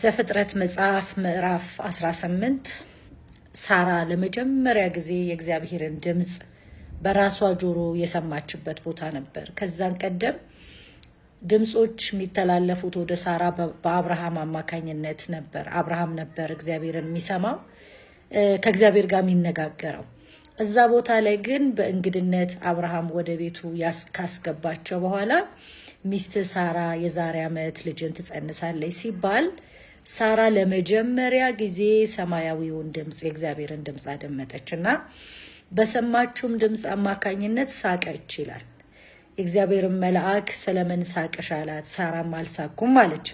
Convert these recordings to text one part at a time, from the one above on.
ዘፍጥረት መጽሐፍ ምዕራፍ 18 ሳራ ለመጀመሪያ ጊዜ የእግዚአብሔርን ድምፅ በራሷ ጆሮ የሰማችበት ቦታ ነበር። ከዛን ቀደም ድምፆች የሚተላለፉት ወደ ሳራ በአብርሃም አማካኝነት ነበር። አብርሃም ነበር እግዚአብሔርን የሚሰማው ከእግዚአብሔር ጋር የሚነጋገረው። እዛ ቦታ ላይ ግን በእንግድነት አብርሃም ወደ ቤቱ ካስገባቸው በኋላ ሚስት ሳራ የዛሬ ዓመት ልጅን ትጸንሳለች ሲባል ሳራ ለመጀመሪያ ጊዜ ሰማያዊውን ድምፅ የእግዚአብሔርን ድምፅ አደመጠች እና በሰማችውም ድምፅ አማካኝነት ሳቀች ይላል። የእግዚአብሔርን መልአክ ስለምን ሳቅሽ አላት። ሳራም አልሳኩም አለች።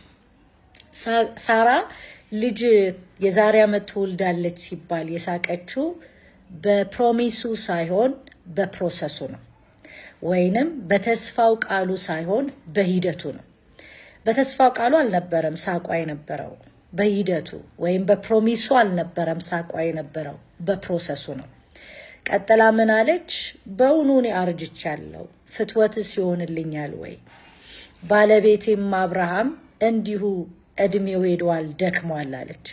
ሳራ ልጅ የዛሬ ዓመት ትወልዳለች ሲባል የሳቀችው በፕሮሚሱ ሳይሆን በፕሮሰሱ ነው። ወይንም በተስፋው ቃሉ ሳይሆን በሂደቱ ነው። በተስፋው ቃሉ አልነበረም ሳቋ የነበረው በሂደቱ ወይም በፕሮሚሱ አልነበረም ሳቋ የነበረው በፕሮሰሱ ነው። ቀጥላ ምን አለች? በውኑ እኔ አርጅቻለሁ? ፍትወትስ ይሆንልኛል ወይ? ባለቤቴም አብርሃም እንዲሁ እድሜው ሄደዋል ደክሟል አለች።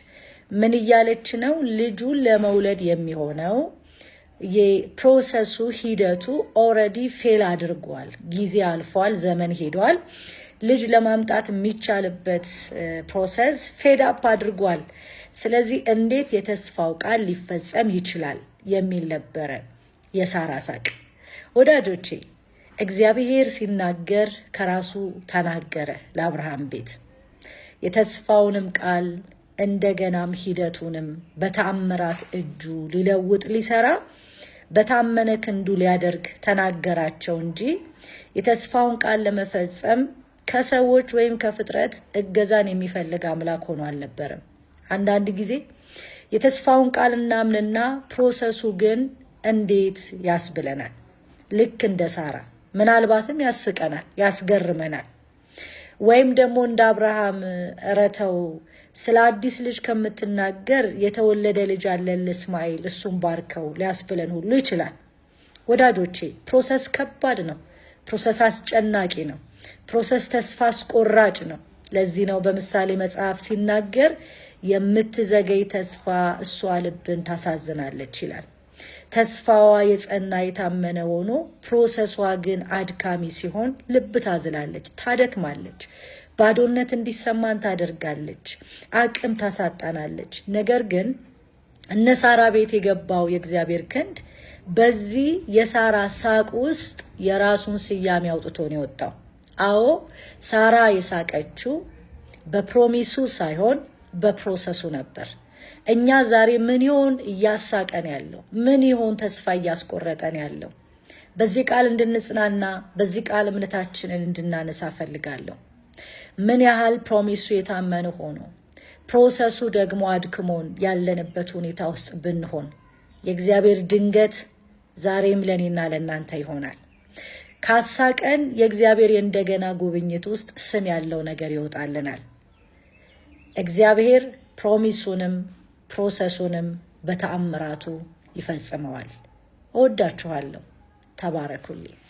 ምን እያለች ነው? ልጁን ለመውለድ የሚሆነው የፕሮሰሱ ሂደቱ ኦረዲ ፌል አድርጓል። ጊዜ አልፏል፣ ዘመን ሄዷል። ልጅ ለማምጣት የሚቻልበት ፕሮሰስ ፌድ አፕ አድርጓል። ስለዚህ እንዴት የተስፋው ቃል ሊፈጸም ይችላል የሚል ነበረ የሳራ ሳቅ። ወዳጆቼ እግዚአብሔር ሲናገር ከራሱ ተናገረ ለአብርሃም ቤት የተስፋውንም ቃል እንደገናም ሂደቱንም በተአምራት እጁ ሊለውጥ ሊሰራ በታመነ ክንዱ ሊያደርግ ተናገራቸው እንጂ የተስፋውን ቃል ለመፈጸም ከሰዎች ወይም ከፍጥረት እገዛን የሚፈልግ አምላክ ሆኖ አልነበረም። አንዳንድ ጊዜ የተስፋውን ቃል እናምንና ፕሮሰሱ ግን እንዴት ያስብለናል። ልክ እንደ ሳራ ምናልባትም ያስቀናል፣ ያስገርመናል። ወይም ደግሞ እንደ አብርሃም እረተው ስለ አዲስ ልጅ ከምትናገር የተወለደ ልጅ አለን ለእስማኤል እሱን ባርከው ሊያስብለን ሁሉ ይችላል። ወዳጆቼ ፕሮሰስ ከባድ ነው። ፕሮሰስ አስጨናቂ ነው። ፕሮሰስ ተስፋ አስቆራጭ ነው። ለዚህ ነው በምሳሌ መጽሐፍ ሲናገር የምትዘገይ ተስፋ እሷ ልብን ታሳዝናለች ይላል። ተስፋዋ የጸና የታመነ ሆኖ ፕሮሰሷ ግን አድካሚ ሲሆን ልብ ታዝላለች፣ ታደክማለች። ባዶነት እንዲሰማን ታደርጋለች፣ አቅም ታሳጣናለች። ነገር ግን እነ ሳራ ቤት የገባው የእግዚአብሔር ክንድ በዚህ የሳራ ሳቅ ውስጥ የራሱን ስያሜ አውጥቶ ነው የወጣው። አዎ ሳራ የሳቀችው በፕሮሚሱ ሳይሆን በፕሮሰሱ ነበር። እኛ ዛሬ ምን ይሆን እያሳቀን ያለው? ምን ይሆን ተስፋ እያስቆረጠን ያለው? በዚህ ቃል እንድንጽናና፣ በዚህ ቃል እምነታችንን እንድናነሳ ፈልጋለሁ። ምን ያህል ፕሮሚሱ የታመነ ሆኖ ፕሮሰሱ ደግሞ አድክሞን ያለንበት ሁኔታ ውስጥ ብንሆን የእግዚአብሔር ድንገት ዛሬም ለእኔና ለእናንተ ይሆናል። ካሳ ቀን የእግዚአብሔር የእንደገና ጉብኝት ውስጥ ስም ያለው ነገር ይወጣልናል። እግዚአብሔር ፕሮሚሱንም ፕሮሰሱንም በተአምራቱ ይፈጽመዋል። እወዳችኋለሁ። ተባረኩልኝ።